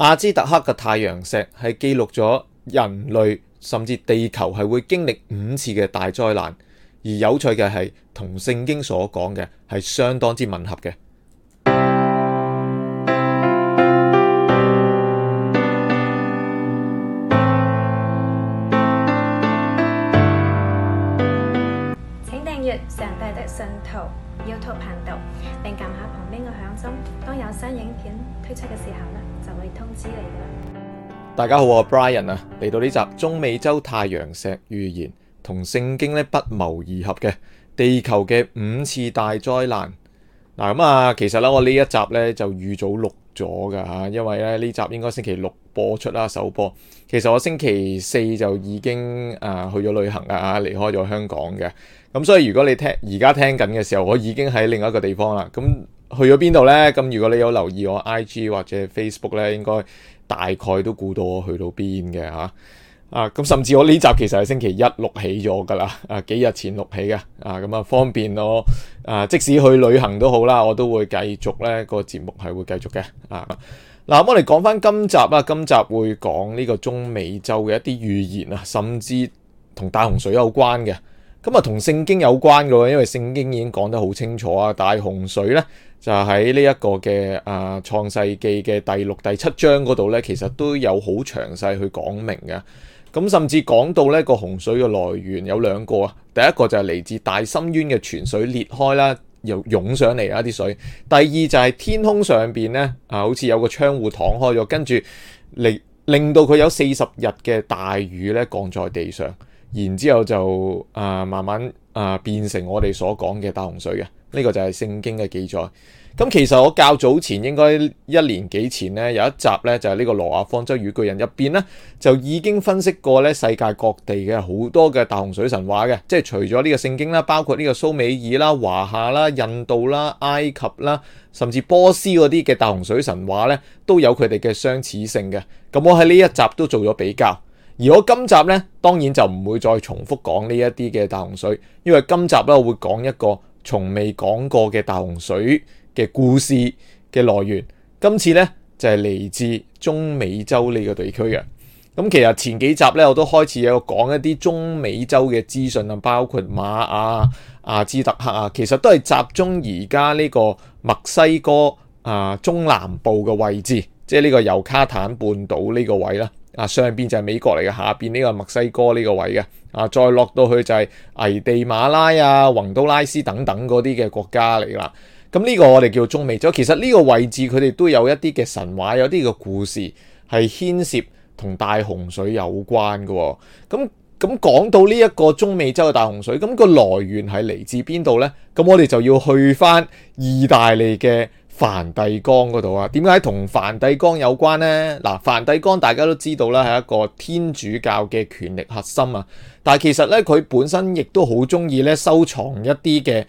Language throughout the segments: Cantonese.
阿茲特克嘅太陽石係記錄咗人類甚至地球係會經歷五次嘅大災難，而有趣嘅係同聖經所講嘅係相當之吻合嘅。請訂閱上帝的信徒 YouTube 頻道，並撳下旁邊嘅響鐘。當有新影片推出嘅時候咧。大家好，我係 Brian 啊，嚟到呢集中美洲太陽石預言同聖經咧不謀而合嘅地球嘅五次大災難嗱，咁啊，其實咧我呢一集呢就預早錄咗㗎吓，因為咧呢集應該星期六播出啦，首播其實我星期四就已經啊去咗旅行啊，離開咗香港嘅。咁、啊、所以如果你聽而家聽緊嘅時候，我已經喺另一個地方啦，咁、啊。去咗邊度呢？咁如果你有留意我 IG 或者 Facebook 呢，應該大概都估到我去到邊嘅吓。啊，咁甚至我呢集其實係星期一錄起咗噶啦。啊，幾日前錄起嘅。啊，咁啊方便我啊，即使去旅行都好啦，我都會繼續呢、呢個節目係會繼續嘅。啊，嗱，我哋講翻今集啊，今集會講呢個中美洲嘅一啲預言啊，甚至同大洪水有關嘅。咁啊，同聖經有關嘅喎，因為聖經已經講得好清楚啊。大洪水咧，就喺呢一個嘅啊創世記嘅第六、第七章嗰度咧，其實都有好詳細去講明嘅。咁甚至講到咧個洪水嘅來源有兩個啊，第一個就係嚟自大深淵嘅泉水裂開啦，又湧上嚟啦啲水。第二就係天空上邊咧啊，好似有個窗戶敞開咗，跟住嚟令到佢有四十日嘅大雨咧降在地上。然之後就啊慢慢啊變成我哋所講嘅大洪水嘅，呢個就係聖經嘅記載。咁其實我較早前應該一年幾前咧有一集咧就係呢個羅亞方舟與巨人入邊咧，就已經分析過咧世界各地嘅好多嘅大洪水神話嘅，即係除咗呢個聖經啦，包括呢個蘇美爾啦、華夏啦、印度啦、埃及啦，甚至波斯嗰啲嘅大洪水神話咧，都有佢哋嘅相似性嘅。咁我喺呢一集都做咗比較。如果今集呢，當然就唔會再重複講呢一啲嘅大洪水，因為今集咧我會講一個從未講過嘅大洪水嘅故事嘅來源。今次呢，就係、是、嚟自中美洲呢個地區嘅。咁、啊、其實前幾集呢，我都開始有講一啲中美洲嘅資訊啊，包括馬雅、阿茲特克啊，其實都係集中而家呢個墨西哥啊中南部嘅位置，即係呢個尤卡坦半島呢個位啦。啊，上邊就係美國嚟嘅，下邊呢個墨西哥呢個位嘅，啊，再落到去就係危地馬拉啊、洪都拉斯等等嗰啲嘅國家嚟啦。咁、這、呢個我哋叫中美洲，其實呢個位置佢哋都有一啲嘅神話，有啲嘅故事係牽涉同大洪水有關嘅。咁咁講到呢一個中美洲嘅大洪水，咁、那個來源係嚟自邊度呢？咁我哋就要去翻意大利嘅。梵蒂岡嗰度啊，點解同梵蒂岡有關呢？嗱，梵蒂岡大家都知道啦，係一個天主教嘅權力核心啊。但係其實咧，佢本身亦都好中意咧收藏一啲嘅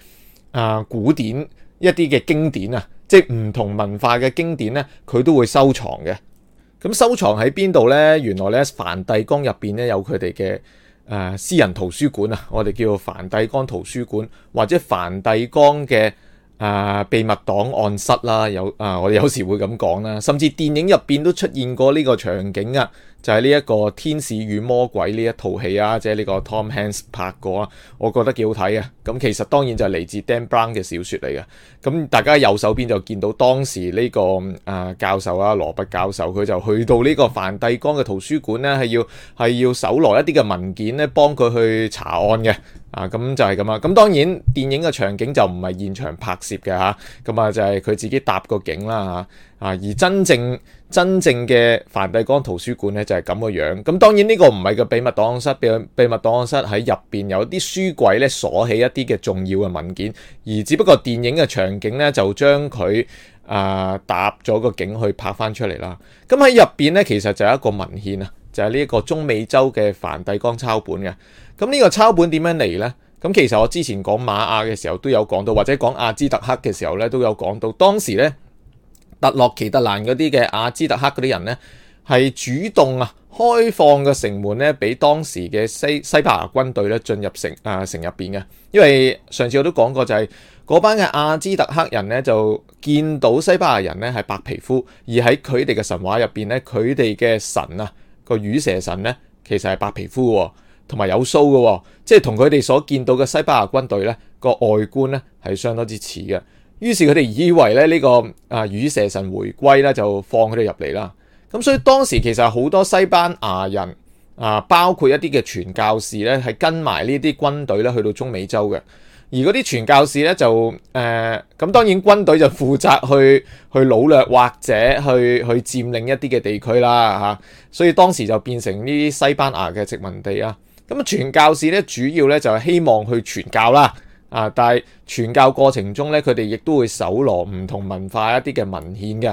啊古典一啲嘅經典啊，即係唔同文化嘅經典咧，佢都會收藏嘅。咁收藏喺邊度呢？原來咧，梵蒂岡入邊咧有佢哋嘅啊私人圖書館啊，我哋叫做梵蒂岡圖書館或者梵蒂岡嘅。啊！秘密檔案室啦，有啊，我哋有時會咁講啦，甚至電影入邊都出現過呢個場景啊。就係呢一個《天使與魔鬼》呢一套戲啊，即係呢個 Tom Hanks 拍過啊，我覺得幾好睇啊！咁其實當然就嚟自 Dan Brown 嘅小説嚟嘅。咁大家右手邊就見到當時呢個啊教授啊羅伯教授，佢就去到呢個梵蒂岡嘅圖書館咧，係要係要搜羅一啲嘅文件咧，幫佢去查案嘅。啊，咁就係咁啊！咁當然電影嘅場景就唔係現場拍攝嘅嚇，咁啊就係、是、佢自己搭個景啦嚇。啊啊！而真正真正嘅梵蒂岡圖書館咧就係咁嘅樣。咁當然呢個唔係個秘密檔案室，秘密檔案室喺入邊有啲書櫃咧鎖起一啲嘅重要嘅文件，而只不過電影嘅場景咧就將佢啊搭咗個景去拍翻出嚟啦。咁喺入邊咧其實就有一個文獻啊，就係呢一個中美洲嘅梵蒂岡抄本嘅。咁呢個抄本點樣嚟咧？咁其實我之前講瑪雅嘅時候都有講到，或者講阿茲特克嘅時候咧都有講到，當時咧。特洛奇特蘭嗰啲嘅阿茲特克嗰啲人呢，係主動啊開放嘅城門呢，俾當時嘅西西班牙軍隊呢進入城啊、呃、城入邊嘅。因為上次我都講過、就是，就係嗰班嘅阿茲特克人呢，就見到西班牙人呢係白皮膚，而喺佢哋嘅神話入邊呢，佢哋嘅神啊個羽蛇神呢，其實係白皮膚同埋有須嘅，即係同佢哋所見到嘅西班牙軍隊呢個外觀呢，係相當之似嘅。於是佢哋以為咧呢、呢個啊羽蛇神回歸咧就放佢哋入嚟啦，咁所以當時其實好多西班牙人啊，包括一啲嘅傳教士咧係跟埋呢啲軍隊咧去到中美洲嘅，而嗰啲傳教士咧就誒，咁、呃、當然軍隊就負責去去擄掠或者去去佔領一啲嘅地區啦嚇、啊，所以當時就變成呢啲西班牙嘅殖民地啊，咁啊傳教士咧主要咧就係希望去傳教啦。啊！但係傳教過程中咧，佢哋亦都會搜羅唔同文化一啲嘅文獻嘅，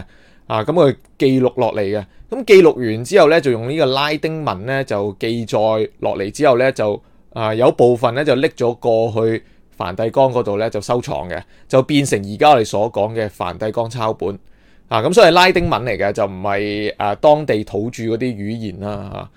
啊咁佢記錄落嚟嘅。咁、啊、記錄完之後咧，就用呢個拉丁文咧就記載落嚟之後咧就啊有部分咧就拎咗過去梵蒂岡嗰度咧就收藏嘅，就變成而家我哋所講嘅梵蒂岡抄本啊，咁、啊，所以係拉丁文嚟嘅，就唔係啊當地土著嗰啲語言啦、啊、嚇。啊。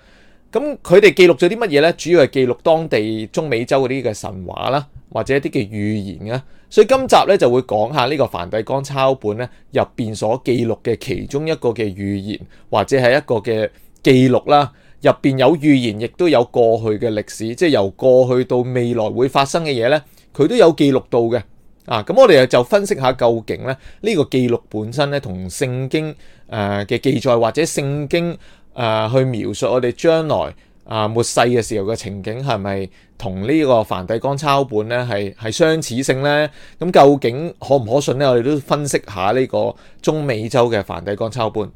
咁佢哋記錄咗啲乜嘢呢？主要係記錄當地中美洲嗰啲嘅神話啦，或者一啲嘅預言啊。所以今集呢，就會講下呢個梵蒂岡抄本咧入邊所記錄嘅其中一個嘅預言，或者係一個嘅記錄啦。入邊有預言，亦都有過去嘅歷史，即係由過去到未來會發生嘅嘢呢，佢都有記錄到嘅。啊，咁我哋就分析下究竟咧呢個記錄本身呢，同聖經誒嘅記載或者聖經。啊，去描述我哋將來啊末世嘅時候嘅情景，係咪同呢個梵蒂岡抄本咧，係係相似性咧？咁究竟可唔可信咧？我哋都分析下呢個中美洲嘅梵蒂岡抄本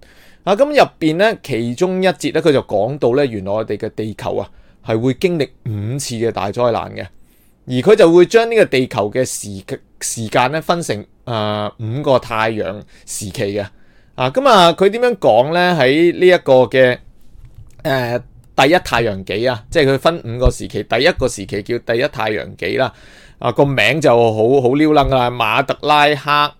啊。咁入邊咧，其中一節咧，佢就講到咧，原來我哋嘅地球啊，係會經歷五次嘅大災難嘅，而佢就會將呢個地球嘅時時間咧分成啊、呃、五個太陽時期嘅。啊，咁啊，佢點樣講呢？喺呢一個嘅誒、呃、第一太陽紀啊，即係佢分五個時期，第一個時期叫第一太陽紀啦、啊。啊，個名就好好撩楞啦，馬特拉克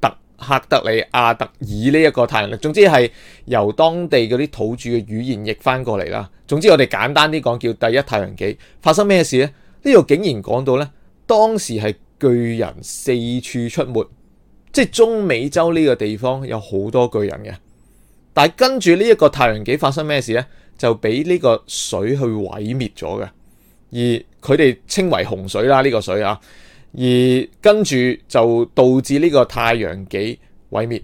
特克特里阿特爾呢一個太陽紀，總之係由當地嗰啲土著嘅語言譯翻過嚟啦。總之我哋簡單啲講，叫第一太陽紀。發生咩事呢？呢度竟然講到呢，當時係巨人四處出沒。即係中美洲呢個地方有好多巨人嘅，但係跟住呢一個太陽紀發生咩事呢？就俾呢個水去毀滅咗嘅，而佢哋稱為洪水啦。呢個水啊，而跟住就導致呢個太陽紀毀滅。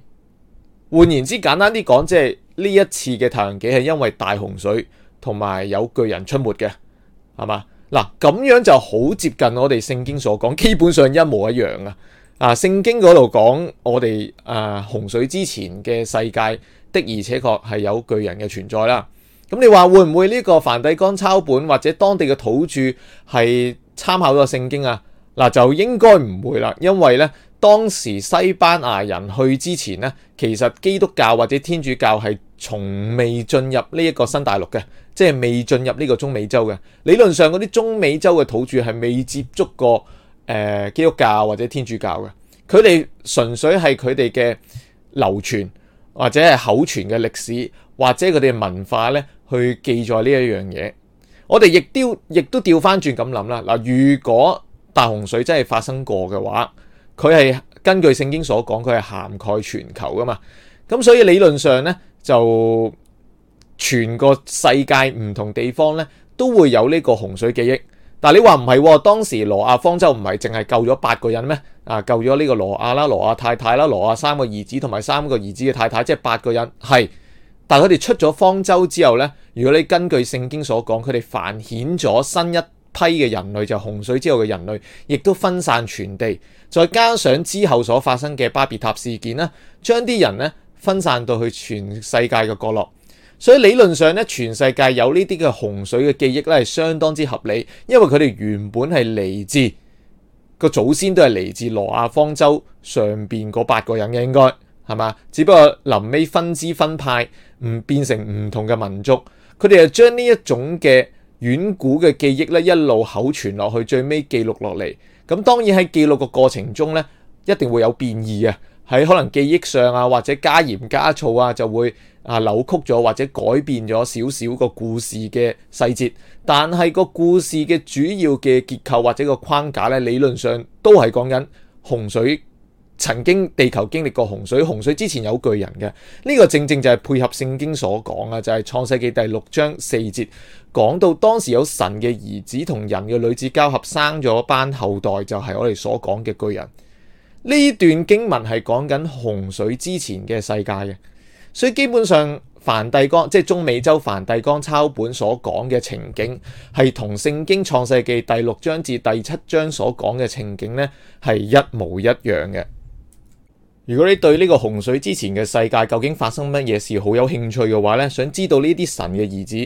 換言之，簡單啲講，即係呢一次嘅太陽紀係因為大洪水同埋有，有巨人出沒嘅，係嘛？嗱，咁樣就好接近我哋聖經所講，基本上一模一樣啊。啊！聖經嗰度講我哋啊洪水之前嘅世界，的而且確係有巨人嘅存在啦。咁你話會唔會呢個梵蒂岡抄本或者當地嘅土著係參考咗聖經啊？嗱，就應該唔會啦，因為呢，當時西班牙人去之前呢，其實基督教或者天主教係從未進入呢一個新大陸嘅，即係未進入呢個中美洲嘅。理論上嗰啲中美洲嘅土著係未接觸過。誒、呃，基督教或者天主教嘅，佢哋純粹係佢哋嘅流傳或者係口傳嘅歷史，或者佢哋文化咧，去記載呢一樣嘢。我哋亦都亦都調翻轉咁諗啦。嗱，如果大洪水真係發生過嘅話，佢係根據聖經所講，佢係涵蓋全球噶嘛。咁所以理論上咧，就全個世界唔同地方咧，都會有呢個洪水記憶。但你話唔係喎，當時羅亞方舟唔係淨係救咗八個人咩？啊，救咗呢個羅亞啦、羅亞太太啦、羅亞三個兒子同埋三個兒子嘅太太，即係八個人。係，但係佢哋出咗方舟之後呢，如果你根據聖經所講，佢哋繁衍咗新一批嘅人類，就是、洪水之後嘅人類，亦都分散全地。再加上之後所發生嘅巴別塔事件呢，將啲人呢，分散到去全世界嘅角落。所以理論上咧，全世界有呢啲嘅洪水嘅記憶咧，係相當之合理，因為佢哋原本係嚟自個祖先都係嚟自羅亞方舟上邊嗰八個人嘅，應該係嘛？只不過臨尾分支分派，唔變成唔同嘅民族，佢哋就將呢一種嘅遠古嘅記憶咧，一路口傳落去，最尾記錄落嚟。咁當然喺記錄嘅過程中咧，一定會有變異啊。喺可能記憶上啊，或者加鹽加醋啊，就會啊扭曲咗或者改變咗少少個故事嘅細節。但係個故事嘅主要嘅結構或者個框架呢，理論上都係講緊洪水曾經地球經歷過洪水。洪水之前有巨人嘅。呢個正正就係配合聖經所講啊，就係創世紀第六章四節講到當時有神嘅兒子同人嘅女子交合，生咗班後代，就係我哋所講嘅巨人。呢段經文係講緊洪水之前嘅世界嘅，所以基本上梵蒂岡即係中美洲梵蒂岡抄本所講嘅情景，係同聖經創世記第六章至第七章所講嘅情景呢，係一模一樣嘅。如果你對呢個洪水之前嘅世界究竟發生乜嘢事好有興趣嘅話呢，想知道呢啲神嘅兒子，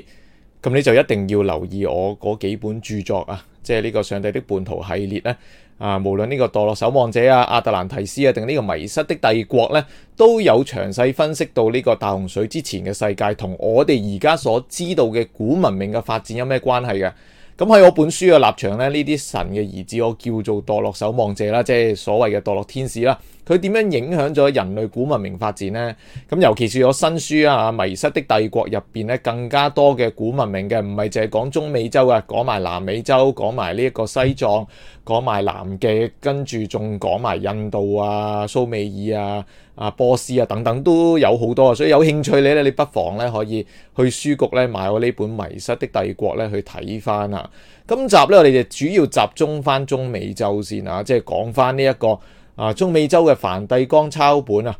咁你就一定要留意我嗰幾本著作啊，即係呢個上帝的叛徒系列咧。啊，無論呢個墮落守望者啊、亞特蘭提斯啊，定呢個迷失的帝國咧，都有詳細分析到呢個大洪水之前嘅世界同我哋而家所知道嘅古文明嘅發展有咩關係嘅。咁喺我本書嘅立場咧，呢啲神嘅兒子我叫做墮落守望者啦，即係所謂嘅墮落天使啦。佢點樣影響咗人類古文明發展呢？咁尤其是我新書啊，《迷失的帝國》入邊咧，更加多嘅古文明嘅，唔係淨係講中美洲啊，講埋南美洲，講埋呢一個西藏，講埋南極，跟住仲講埋印度啊、蘇美爾啊。啊，波斯啊，等等都有好多，所以有興趣你咧，你不妨咧可以去書局咧買我呢本《迷失的帝國》咧去睇翻啊。今集咧我哋就主要集中翻中美洲先啊，即係講翻呢一個啊中美洲嘅梵蒂岡抄本啊。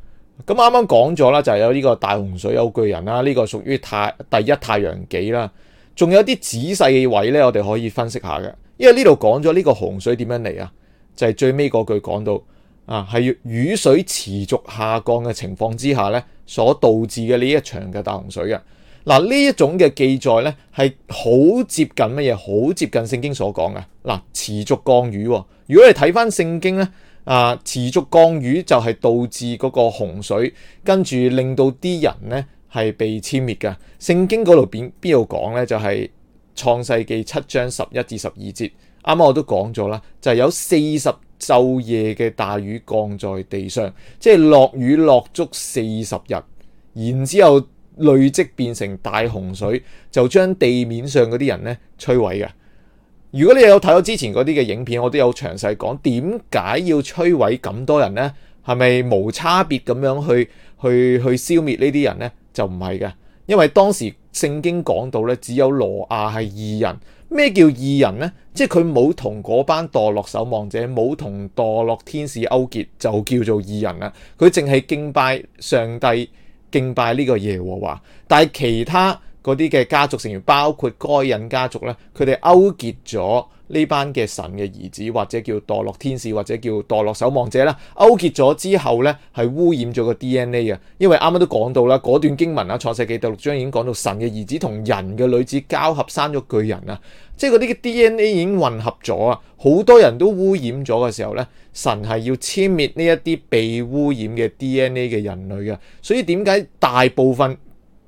咁啱啱講咗啦，就係有呢個大洪水有巨人啦，呢個屬於太第一太陽紀啦。仲有啲仔細嘅位咧，我哋可以分析下嘅，因為呢度講咗呢個洪水點樣嚟啊，就係最尾嗰句講到。啊，係雨水持續下降嘅情況之下咧，所導致嘅呢一場嘅大洪水嘅。嗱、啊，呢一種嘅記載咧，係好接近乜嘢？好接近聖經所講嘅。嗱、啊，持續降雨、哦。如果你睇翻聖經咧，啊，持續降雨就係導致嗰個洪水，跟住令到啲人咧係被遷滅嘅。聖經嗰度邊邊度講咧？就係、是、創世記七章十一至十二節。啱啱我都講咗啦，就係有四十晝夜嘅大雨降在地上，即係落雨落足四十日，然之後累積變成大洪水，就將地面上嗰啲人呢摧毀嘅。如果你有睇我之前嗰啲嘅影片，我都有詳細講點解要摧毀咁多人呢，係咪無差別咁樣去去去消滅呢啲人呢？就唔係嘅，因為當時聖經講到呢，只有羅亞係義人。咩叫異人呢？即係佢冇同嗰班墮落守望者，冇同墮落天使勾結，就叫做異人啦。佢淨係敬拜上帝，敬拜呢個耶和華。但係其他嗰啲嘅家族成員，包括該隱家族咧，佢哋勾結咗。呢班嘅神嘅兒子或者叫墮落天使或者叫墮落守望者啦，勾結咗之後呢，係污染咗個 DNA 嘅。因為啱啱都講到啦，嗰段經文啊，《創世記》第六章已經講到神嘅兒子同人嘅女子交合，生咗巨人啊，即係嗰啲嘅 DNA 已經混合咗啊，好多人都污染咗嘅時候呢，神係要殲滅呢一啲被污染嘅 DNA 嘅人類嘅。所以點解大部分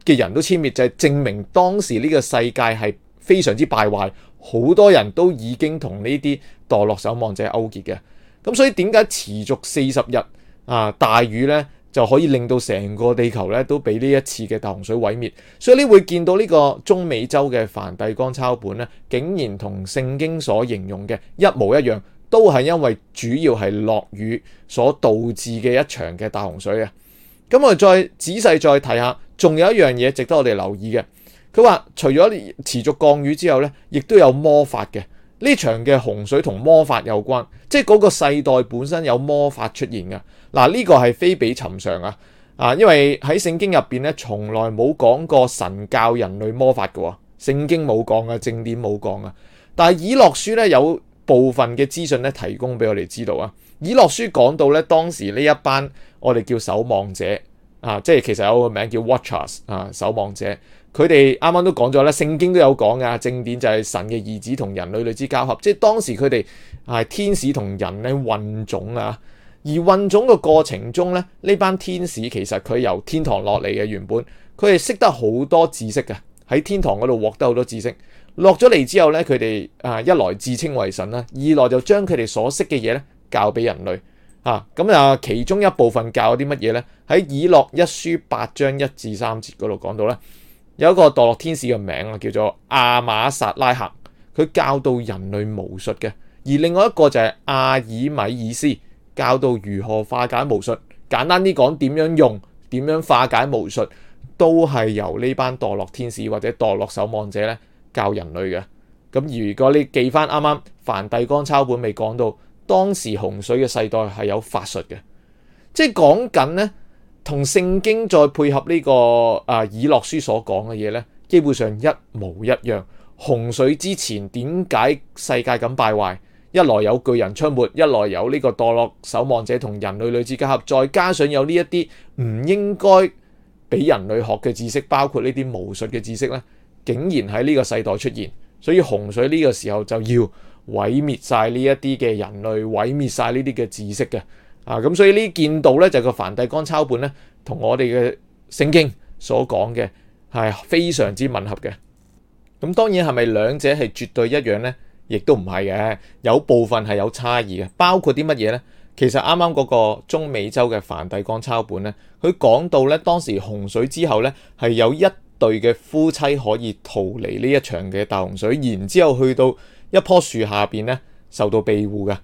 嘅人都殲滅，就係證明當時呢個世界係非常之敗壞。好多人都已經同呢啲墮落守望者勾結嘅，咁所以點解持續四十日啊，大雨呢，就可以令到成個地球呢都被呢一次嘅大洪水毀滅？所以你會見到呢個中美洲嘅梵蒂岡抄本呢，竟然同聖經所形容嘅一模一樣，都係因為主要係落雨所導致嘅一場嘅大洪水啊！咁我再仔細再提下，仲有一樣嘢值得我哋留意嘅。佢話：除咗持續降雨之後呢，亦都有魔法嘅呢場嘅洪水同魔法有關，即係嗰個世代本身有魔法出現㗎。嗱，呢個係非比尋常啊！啊，因為喺聖經入邊呢，從來冇講過神教人類魔法嘅喎，聖經冇講啊，正典冇講啊。但係以諾書呢，有部分嘅資訊呢提供俾我哋知道啊。以諾書講到呢，當時呢一班我哋叫守望者啊，即係其實有個名叫 watchers 啊，守望者。佢哋啱啱都講咗啦，《聖經》都有講嘅正典就係神嘅兒子同人類女子交合，即係當時佢哋係天使同人咧混種啊。而混種嘅過程中咧，呢班天使其實佢由天堂落嚟嘅原本，佢哋識得好多知識嘅喺天堂嗰度獲得好多知識。落咗嚟之後咧，佢哋啊一來自稱為神啦，二來就將佢哋所識嘅嘢咧教俾人類啊。咁啊，其中一部分教啲乜嘢咧？喺《以諾一書》八章一至三節嗰度講到咧。有一個墮落天使嘅名啊，叫做亞馬撒拉克，佢教導人類巫術嘅；而另外一個就係阿爾米爾斯，教導如何化解巫術。簡單啲講，點樣用、點樣化解巫術，都係由呢班墮落天使或者墮落守望者咧教人類嘅。咁如果你記翻啱啱梵蒂岡抄本未講到，當時洪水嘅世代係有法術嘅，即係講緊呢。同聖經再配合呢個啊以諾書所講嘅嘢呢，基本上一模一樣。洪水之前點解世界咁敗壞？一來有巨人出沒，一來有呢個墮落守望者同人類女子結合，再加上有呢一啲唔應該俾人類學嘅知識，包括呢啲巫術嘅知識呢，竟然喺呢個世代出現。所以洪水呢個時候就要毀滅晒呢一啲嘅人類，毀滅晒呢啲嘅知識嘅。啊，咁所以件呢啲見到咧，就是個梵蒂岡抄本咧，同我哋嘅聖經所講嘅係非常之吻合嘅。咁當然係咪兩者係絕對一樣咧？亦都唔係嘅，有部分係有差異嘅。包括啲乜嘢咧？其實啱啱嗰個中美洲嘅梵蒂岡抄本咧，佢講到咧，當時洪水之後咧，係有一對嘅夫妻可以逃離呢一場嘅大洪水，然之後去到一棵樹下邊咧，受到庇護嘅。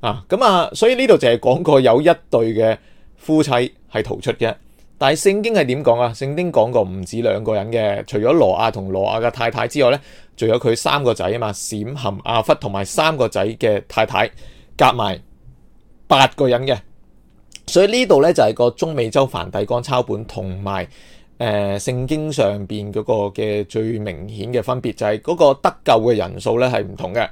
啊，咁啊，所以呢度就係講過有一對嘅夫妻係逃出嘅，但係聖經係點講啊？聖經講過唔止兩個人嘅，除咗挪亞同挪亞嘅太太之外咧，仲有佢三個仔啊嘛，閃含阿弗同埋三個仔嘅太太，夾埋八個人嘅。所以呢度咧就係、是、個中美洲梵蒂岡抄本同埋誒聖經上邊嗰個嘅最明顯嘅分別就係、是、嗰個得救嘅人數咧係唔同嘅。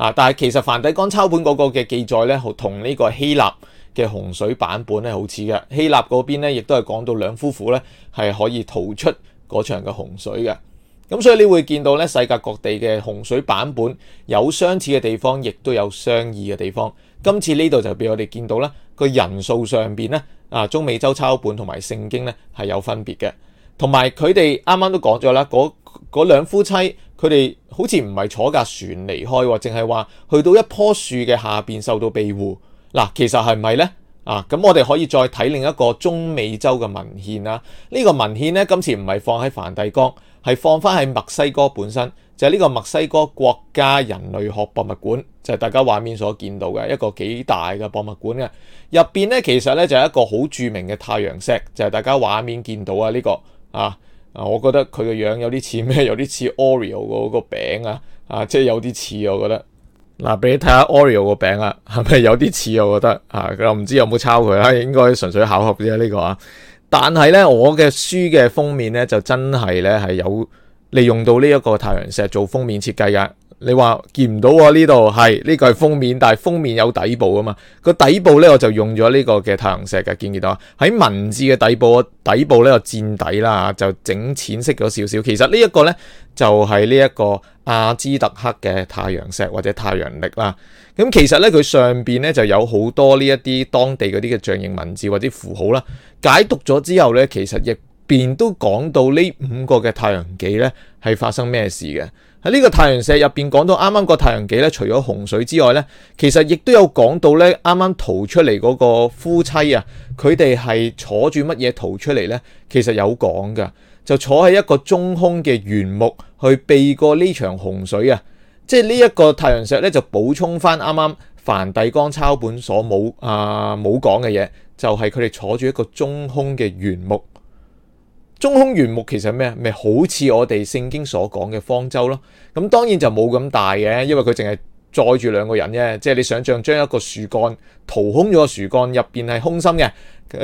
啊！但係其實梵蒂岡抄本嗰個嘅記載咧，同呢個希臘嘅洪水版本係好似嘅。希臘嗰邊咧，亦都係講到兩夫婦咧係可以逃出嗰場嘅洪水嘅。咁所以你會見到咧，世界各地嘅洪水版本有相似嘅地方，亦都有相異嘅地方。今次呢度就俾我哋見到啦，個人數上邊咧，啊中美洲抄本同埋聖經咧係有分別嘅。同埋佢哋啱啱都講咗啦，嗰兩夫妻佢哋好似唔係坐架船離開喎，淨係話去到一棵樹嘅下邊受到庇護。嗱，其實係唔係呢？啊，咁我哋可以再睇另一個中美洲嘅文獻啦、啊。呢、這個文獻呢，今次唔係放喺梵蒂岡，係放翻喺墨西哥本身，就係、是、呢個墨西哥國家人類學博物館，就係、是、大家畫面所見到嘅一個幾大嘅博物館嘅。入邊呢，其實呢，就係、是、一個好著名嘅太陽石，就係、是、大家畫面見到啊呢、這個啊。啊，我覺得佢個樣有啲似咩？有啲似 Oreo 個個餅啊，啊，即係有啲似我覺得。嗱，啊，俾你睇下 Oreo 個餅啊，係咪有啲似？我覺得啊，我唔知有冇抄佢啦，應該純粹巧合啫呢個啊。但係咧，我嘅書嘅封面咧就真係咧係有利用到呢一個太陽石做封面設計噶。你話見唔到喎、啊？呢度係，呢個係封面，但係封面有底部啊嘛。個底部呢，我就用咗呢個嘅太陽石嘅，見唔見到啊？喺文字嘅底部，底部呢就墊底啦，就整淺色咗少少。其實呢一個呢，就係呢一個阿茲特克嘅太陽石或者太陽力啦。咁其實呢，佢上邊呢就有好多呢一啲當地嗰啲嘅象形文字或者符號啦。解讀咗之後呢，其實入邊都講到呢五個嘅太陽紀呢係發生咩事嘅。喺呢個太陽石入邊講到啱啱個《太陽紀》咧，除咗洪水之外咧，其實亦都有講到咧，啱啱逃出嚟嗰個夫妻啊，佢哋係坐住乜嘢逃出嚟咧？其實有講㗎，就坐喺一個中空嘅原木去避過呢場洪水啊！即係呢一個太陽石咧，就補充翻啱啱梵蒂岡抄本所冇啊，冇講嘅嘢，就係佢哋坐住一個中空嘅原木。中空原木其實係咩？咪好似我哋聖經所講嘅方舟咯。咁當然就冇咁大嘅，因為佢淨係載住兩個人啫。即係你想象將一個樹幹掏空咗，個樹幹入邊係空心嘅，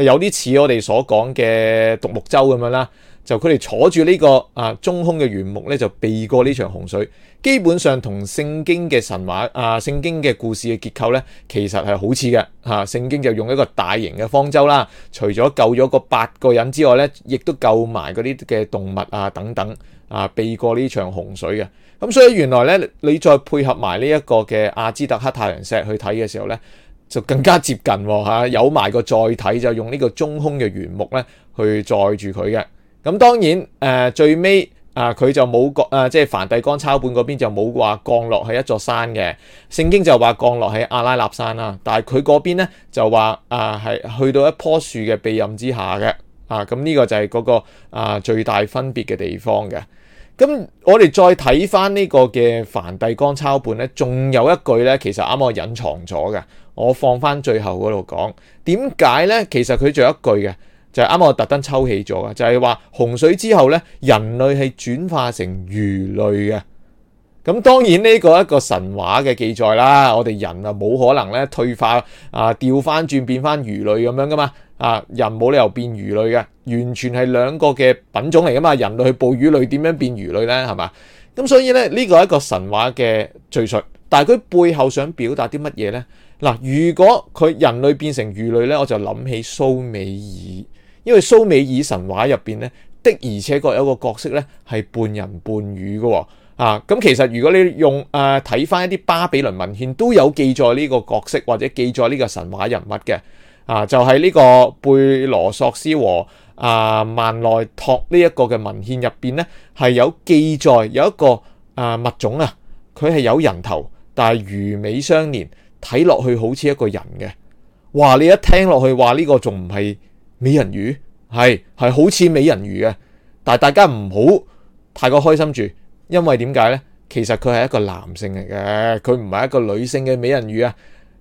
有啲似我哋所講嘅獨木舟咁樣啦。就佢哋坐住呢個啊中空嘅原木咧，就避過呢場洪水。基本上同聖經嘅神話啊，聖經嘅故事嘅結構咧，其實係好似嘅嚇。聖經就用一個大型嘅方舟啦，除咗救咗個八個人之外咧，亦都救埋嗰啲嘅動物啊等等啊，避過呢場洪水嘅。咁所以原來咧，你再配合埋呢一個嘅阿茲特克太陽石去睇嘅時候咧，就更加接近嚇，啊啊，有埋個載體就用呢個中空嘅原木咧去載住佢嘅。咁當然誒、呃、最尾啊，佢就冇降啊，即係梵蒂岡抄本嗰邊就冇話降落喺一座山嘅，聖經就話降落喺阿拉納山啦，但係佢嗰邊咧就話啊係去到一棵樹嘅庇蔭之下嘅啊，咁呢個就係嗰、嗰個啊、呃、最大分別嘅地方嘅。咁我哋再睇翻呢個嘅梵蒂岡抄本咧，仲有一句咧，其實啱我隱藏咗嘅，我放翻最後嗰度講點解咧？其實佢仲有一句嘅。就係啱，我特登抽起咗嘅，就係話洪水之後呢，人類係轉化成魚類嘅。咁當然呢個一個神話嘅記載啦，我哋人啊冇可能咧退化啊，調翻轉變翻魚類咁樣噶嘛啊，人冇理由變魚類嘅，完全係兩個嘅品種嚟噶嘛，人類去捕魚類點樣變魚類呢？係嘛？咁所以呢，呢個係一個神話嘅敘述，但係佢背後想表達啲乜嘢呢？嗱，如果佢人類變成魚類呢，我就諗起蘇美爾。因為蘇美爾神話入邊咧的，而且確有一個角色咧係半人半魚嘅、哦、啊。咁其實如果你用誒，睇翻一啲巴比倫文獻，都有記載呢個角色或者記載呢個神話人物嘅啊。就喺、是、呢個貝羅索斯和阿、呃、曼內托呢一個嘅文獻入邊咧，係有記載有一個啊、呃、物種啊，佢係有人頭，但係魚尾相連，睇落去好似一個人嘅。哇！你一聽落去，話呢個仲唔係？美人魚係係好似美人魚啊。但係大家唔好太過開心住，因為點解咧？其實佢係一個男性嚟嘅，佢唔係一個女性嘅美人魚啊！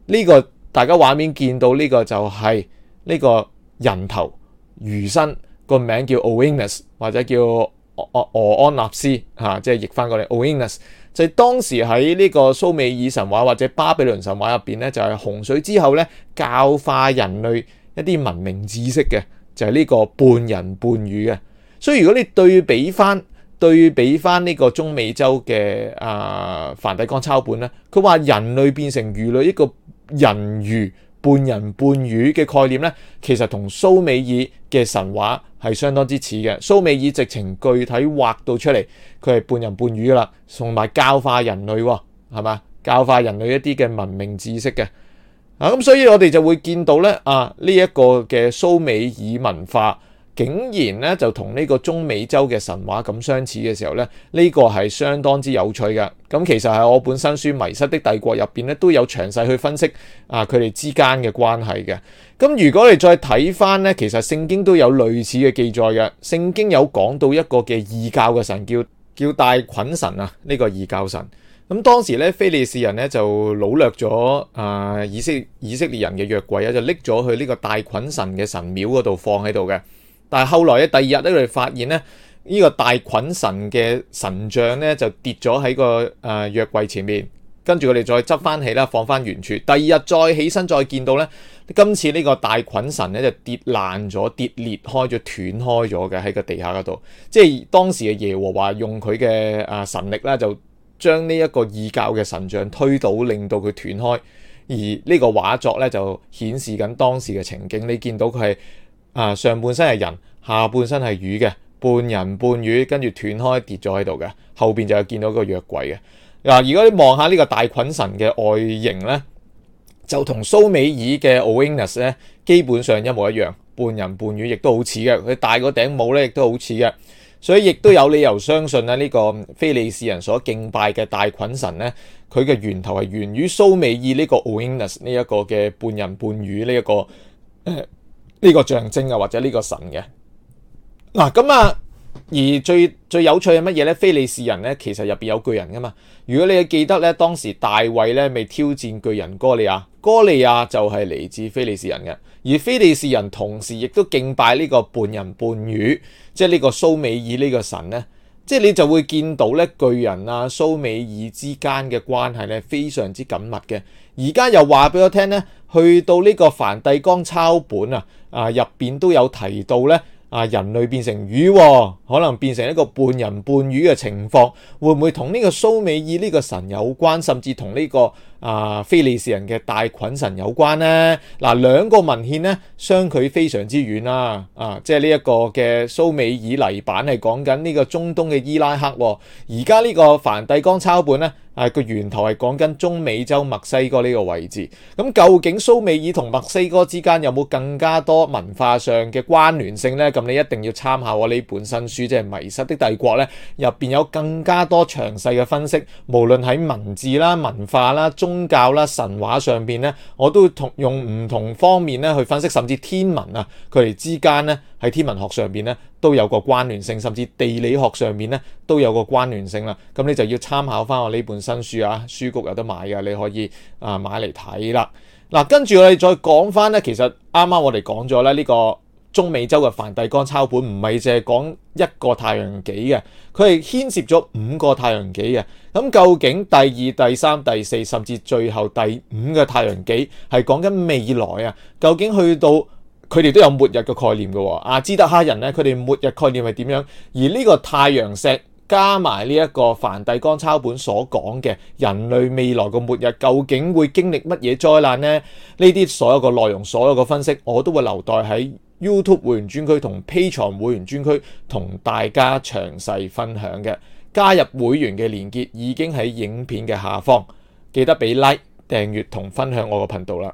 呢個大家畫面見到呢個就係呢個人頭魚身，個名叫 Oannes 或者叫奧奧安納斯嚇，即係譯返過嚟 Oannes。就係當時喺呢個蘇美爾神話或者巴比倫神話入邊咧，就係洪水之後咧教化人類。一啲文明知識嘅就係、是、呢個半人半魚嘅，所以如果你對比翻對比翻呢個中美洲嘅啊梵蒂岡抄本咧，佢話人類變成魚類，一個人魚半人半魚嘅概念咧，其實同蘇美爾嘅神話係相當之似嘅。蘇美爾直情具體畫到出嚟，佢係半人半魚嘅啦，同埋教化人類喎、哦，係嘛？教化人類一啲嘅文明知識嘅。啊，咁所以我哋就會見到咧，啊呢一個嘅蘇美爾文化，竟然咧就同呢個中美洲嘅神話咁相似嘅時候咧，呢個係相當之有趣噶。咁、啊、其實係我本身書《迷失的帝國》入邊咧都有詳細去分析啊佢哋之間嘅關係嘅。咁、啊、如果你再睇返咧，其實聖經都有類似嘅記載嘅。聖經有講到一個嘅異教嘅神叫叫大袞神啊，呢個異教神。咁當時咧，非利士人咧就擄掠咗啊以色列以色列人嘅約櫃啊，就拎咗去呢個大袞神嘅神廟嗰度放喺度嘅。但係後來咧，第二日咧，佢哋發現咧，呢個大袞神嘅神像咧就跌咗喺個啊約櫃前面，跟住佢哋再執翻起啦，放翻原處。第二日再起身再見到咧，今次呢個大袞神咧就跌爛咗，跌裂開咗，斷開咗嘅喺個地下嗰度。即係當時嘅耶和華用佢嘅啊神力啦，就將呢一個異教嘅神像推倒，令到佢斷開，而呢個畫作咧就顯示緊當時嘅情景。你見到佢係啊上半身係人，下半身係魚嘅，半人半魚，跟住斷開跌咗喺度嘅。後邊就有見到個約櫃嘅。嗱、啊，如果你望下呢個大袞神嘅外形咧，就同蘇美爾嘅 Oannes 咧基本上一模一樣，半人半魚，亦都好似嘅。佢戴個頂帽咧，亦都好似嘅。所以亦都有理由相信咧、啊，呢、這個非利士人所敬拜嘅大袞神咧，佢嘅源頭係源於蘇美爾呢個 Oannes 呢一個嘅半人半魚呢一個呢、呃，這個象徵啊，或者呢個神嘅嗱咁啊。而最最有趣係乜嘢呢？非利士人呢，其實入邊有巨人噶嘛。如果你記得呢，當時大衛呢咪挑戰巨人哥利亞，哥利亞就係嚟自非利士人嘅。而非利士人同時亦都敬拜呢個半人半魚，即係呢個蘇美爾呢個神呢。即係你就會見到呢，巨人啊、蘇美爾之間嘅關係呢，非常之緊密嘅。而家又話俾我聽呢，去到呢個梵蒂岡抄本啊、啊入邊都有提到呢。啊！人類變成魚，可能變成一個半人半魚嘅情況，會唔會同呢個蘇美爾呢個神有關，甚至同呢、這個啊非利士人嘅大袞神有關呢？嗱、啊，兩個文獻呢相距非常之遠啦、啊！啊，即係呢一個嘅蘇美爾泥板係講緊呢個中東嘅伊拉克，而家呢個梵蒂岡抄本呢。啊，個源頭係講緊中美洲墨西哥呢個位置。咁究竟蘇美爾同墨西哥之間有冇更加多文化上嘅關聯性呢？咁你一定要參考我呢本新書，即係《迷失的帝國》咧，入邊有更加多詳細嘅分析。無論喺文字啦、文化啦、宗教啦、神話上邊呢，我都同用唔同方面咧去分析，甚至天文啊，佢哋之間呢，喺天文學上邊呢。都有個關聯性，甚至地理學上面咧都有個關聯性啦。咁你就要參考翻我呢本新書啊，書局有得買嘅，你可以、呃、買啊買嚟睇啦。嗱，跟住我哋再講翻咧，其實啱啱我哋講咗咧，呢、這個中美洲嘅梵蒂岡抄本唔係淨係講一個太陽紀嘅，佢係牽涉咗五個太陽紀嘅。咁究竟第二、第三、第四，甚至最後第五個太陽紀係講緊未來啊？究竟去到？佢哋都有末日嘅概念嘅喎，亞支特克人呢，佢哋末日概念係點樣？而呢個太陽石加埋呢一個梵蒂岡抄本所講嘅人類未來個末日，究竟會經歷乜嘢災難呢？呢啲所有個內容、所有個分析，我都會留待喺 YouTube 會員專區同 P 藏會員專區同大家詳細分享嘅。加入會員嘅連結已經喺影片嘅下方，記得俾 like、訂閱同分享我個頻道啦。